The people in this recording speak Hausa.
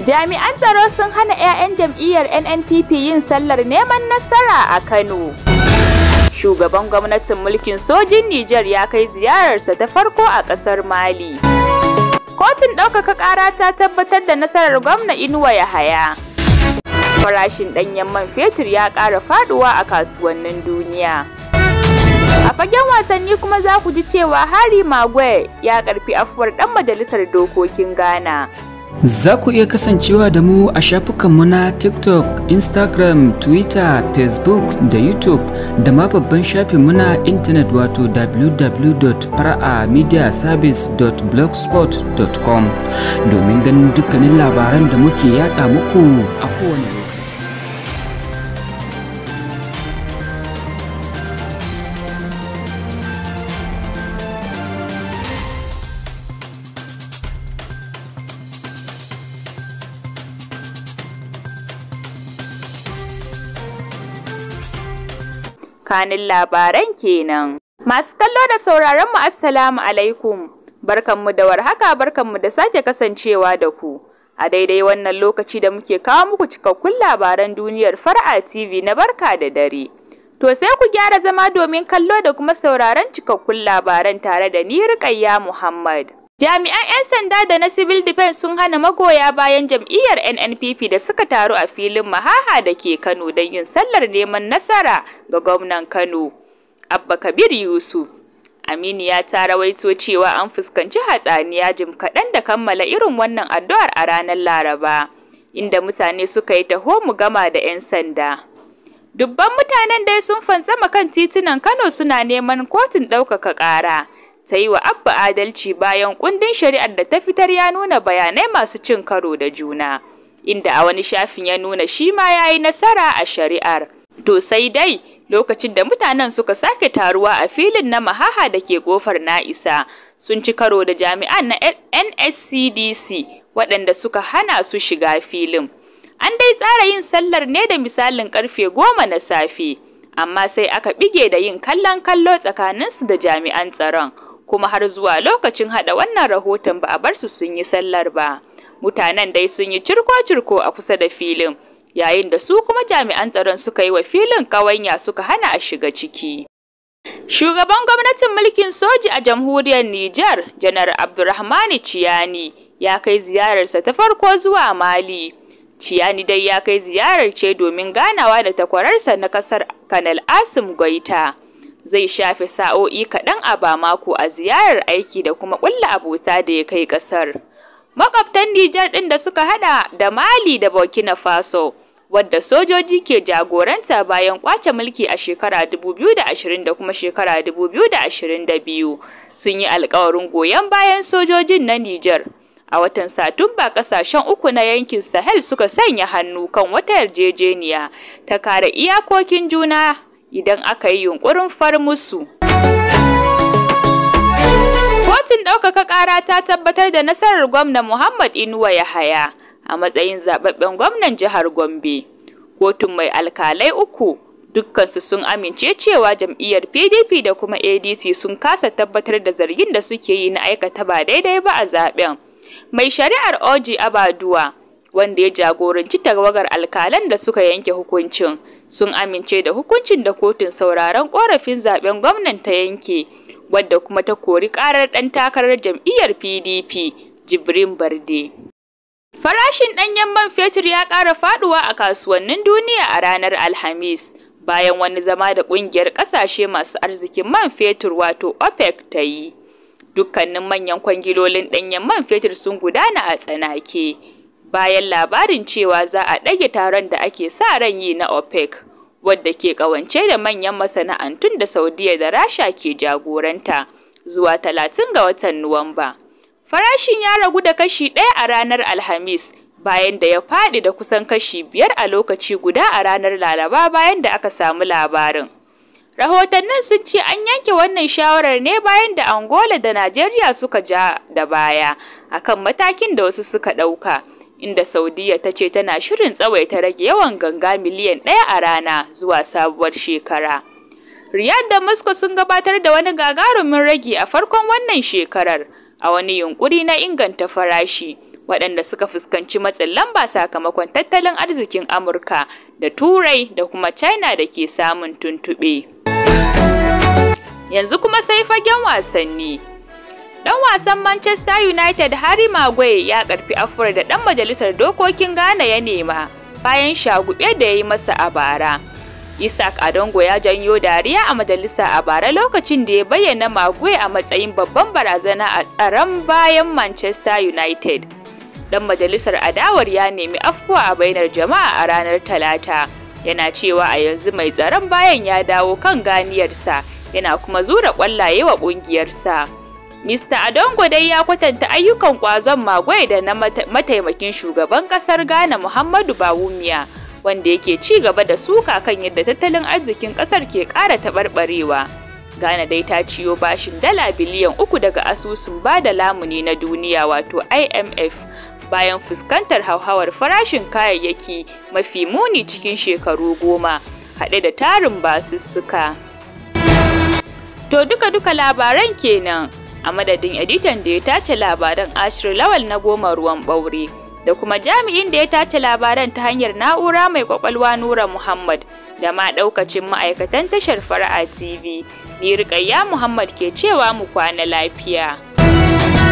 Jami'an tsaro sun hana 'ya'yan jam'iyyar NNPP yin sallar neman nasara a Kano. Shugaban gwamnatin mulkin sojin Nijar ya kai ziyararsa ta farko a ƙasar Mali. Kotun ɗaukaka ƙara ta tabbatar da nasarar gwamna Inuwa ya haya. Farashin ɗanyen man fetur ya ƙara faɗuwa a kasuwannin duniya. A fagen wasanni kuma za ku ji cewa hari Maguire ya ƙarfi afuwar ɗan majalisar dokokin Ghana. Za ku iya kasancewa da mu a shafukanmu na TikTok, Instagram, Twitter, Facebook da YouTube da ma babban shafinmu na intanet wato www.fara'amediaservice.blogspot.com domin ganin dukkanin labaran da muke yada muku a kowane tsakanin labaran kenan. Masu kallo da sauraron mu assalamu alaikum. barkan mu da warhaka barkan mu da sake kasancewa da ku. A daidai wannan lokaci da muke kawo muku cikakkun labaran duniyar Far'a TV na barka da dare. To sai ku gyara zama domin kallo da kuma sauraron cikakkun labaran tare da ni Muhammad. Jami'an 'yan sanda da na Civil Defense sun hana magoya bayan jam'iyyar NNPP da suka taru a filin Mahaha da ke Kano don yin sallar neman nasara ga gwamnan Kano, Abba Kabir Yusuf. Aminu ya ta rawaito cewa an fuskanci hatsaniya jim kaɗan da kammala irin wannan addu'ar a ranar Laraba, inda mutane suka yi taho mu gama da 'yan sanda. Dubban mutanen dai sun fantsama kan titunan Kano suna neman kotun ɗaukaka ƙara. ta yi wa Abba adalci bayan kundin shari'ar da ta fitar ya nuna bayanai masu cin karo da juna, inda a wani shafin ya nuna shi ma ya yi nasara a shari'ar. To sai dai lokacin da mutanen suka sake taruwa a filin na mahaha da ke kofar na'isa sun ci karo da jami'an na NSCDC waɗanda suka hana su shiga filin. An dai tsara yin sallar ne da misalin karfe goma na safe, amma sai aka bige da yin kallon kallo tsakaninsu da jami'an tsaron. kuma har zuwa lokacin hada wannan rahoton ba a bar su sun yi sallar ba. Mutanen dai sun yi cirko-cirko a kusa da filin, yayin da su kuma jami'an tsaron suka yi wa filin kawanya suka hana a shiga ciki. Shugaban gwamnatin mulkin soji a jamhuriyar Nijar, Janar Abdurrahmani Ciyani, ya kai ziyararsa ta farko zuwa Mali. Ciyani dai ya kai ziyarar ce domin ganawa da takwararsa na kasar Kanal Asim Goita. zai shafe sa'o'i kaɗan a Bamako a ziyarar aiki da kuma ƙulla abota da ya kai ƙasar. Makwabtan Nijar ɗin da suka haɗa da Mali da Burkina Faso, wadda sojoji ke jagoranta bayan ƙwace mulki a shekara 2020 da kuma shekara 2022, sun yi alƙawarin goyon bayan sojojin na Nijar. A watan Satumba ƙasashen uku na yankin Sahel suka sanya hannu kan wata yarjejeniya ta kare iyakokin juna idan aka yi yunkurin far musu. Kotun ɗaukaka ƙara ta tabbatar da nasarar gwamna Muhammad Inuwa Yahaya a matsayin zaɓaɓɓen gwamnan jihar Gombe. Kotun mai alkalai uku dukkansu sun amince cewa jam'iyyar PDP da kuma ADC sun kasa tabbatar da zargin da suke yi na aikata ba daidai ba a zaɓen. Mai shari'ar Oji Abaduwa wanda ya jagoranci tawagar alkalan da suka yanke hukuncin sun amince da hukuncin da kotun sauraron korafin zaben gwamnan ta yanke wadda kuma ta kori karar ɗan takarar jam'iyyar PDP Jibrin Barde. Farashin ɗanyen man fetur ya ƙara faɗuwa a kasuwannin duniya a ranar Alhamis bayan wani zama da ƙungiyar ƙasashe masu arzikin man fetur wato OPEC ta yi. Dukkanin manyan kwangilolin ɗanyen man fetur sun gudana a tsanake. bayan labarin cewa za a ɗage taron da ake sa ran yi na OPEC, wadda ke ƙawance da manyan masana'antun da Saudiya da Rasha ke jagoranta zuwa talatin ga watan Nuwamba. Farashin ya ragu da kashi ɗaya a ranar Alhamis bayan da ya faɗi da kusan kashi biyar a lokaci guda a ranar Laraba bayan da aka samu labarin. Rahotannin sun ce an yanke wannan shawarar ne bayan da Angola da Najeriya suka ja da baya akan matakin da wasu suka ɗauka. inda Saudiya ta ce tana shirin tsawaita rage yawan ganga miliyan ɗaya a rana zuwa sabuwar shekara. Riyadh da Moscow sun gabatar da wani gagarumin rage a farkon wannan shekarar a wani yunkuri na inganta farashi waɗanda suka fuskanci matsin lamba sakamakon tattalin arzikin Amurka da Turai da kuma China da ke samun tuntuɓe. Yanzu kuma sai fagen wasanni. Dan wasan Manchester United Harry Maguire ya karfi afuwar da dan majalisar dokokin Ghana ya nema bayan shagube da ya yi masa a bara. Isaac Adongo ya janyo dariya a majalisa a bara lokacin da ya bayyana Maguire a matsayin babban barazana a tsaron bayan Manchester United. Dan majalisar adawar ya nemi afuwa a bainar jama'a a ranar Talata. Yana cewa a yanzu mai tsaron bayan ya dawo kan ganiyarsa yana kuma zura kwallaye wa ƙungiyarsa. Mr. Adongo dai ya kwatanta ayyukan ƙwazon Magwai da na mataimakin shugaban ƙasar Ghana Muhammadu Bawumia wanda yake ci gaba da suka kan yadda tattalin arzikin ƙasar ke ƙara taɓarɓarewa. Ghana dai ta ciyo bashin dala biliyan uku daga asusun ba da lamuni na duniya wato IMF bayan fuskantar hauhawar farashin kayayyaki mafi muni cikin shekaru goma haɗe da tarin basussuka. To duka-duka labaran kenan. a madadin editan da ya tace labaran ashir lawal na goma ruwan ɓaure da kuma jami'in da ya tace labaran ta hanyar na'ura mai kwakwalwa nura muhammad da ma ɗaukacin ma'aikatan tashar fara'a tv ni riƙayya muhammad ke cewa mu kwana lafiya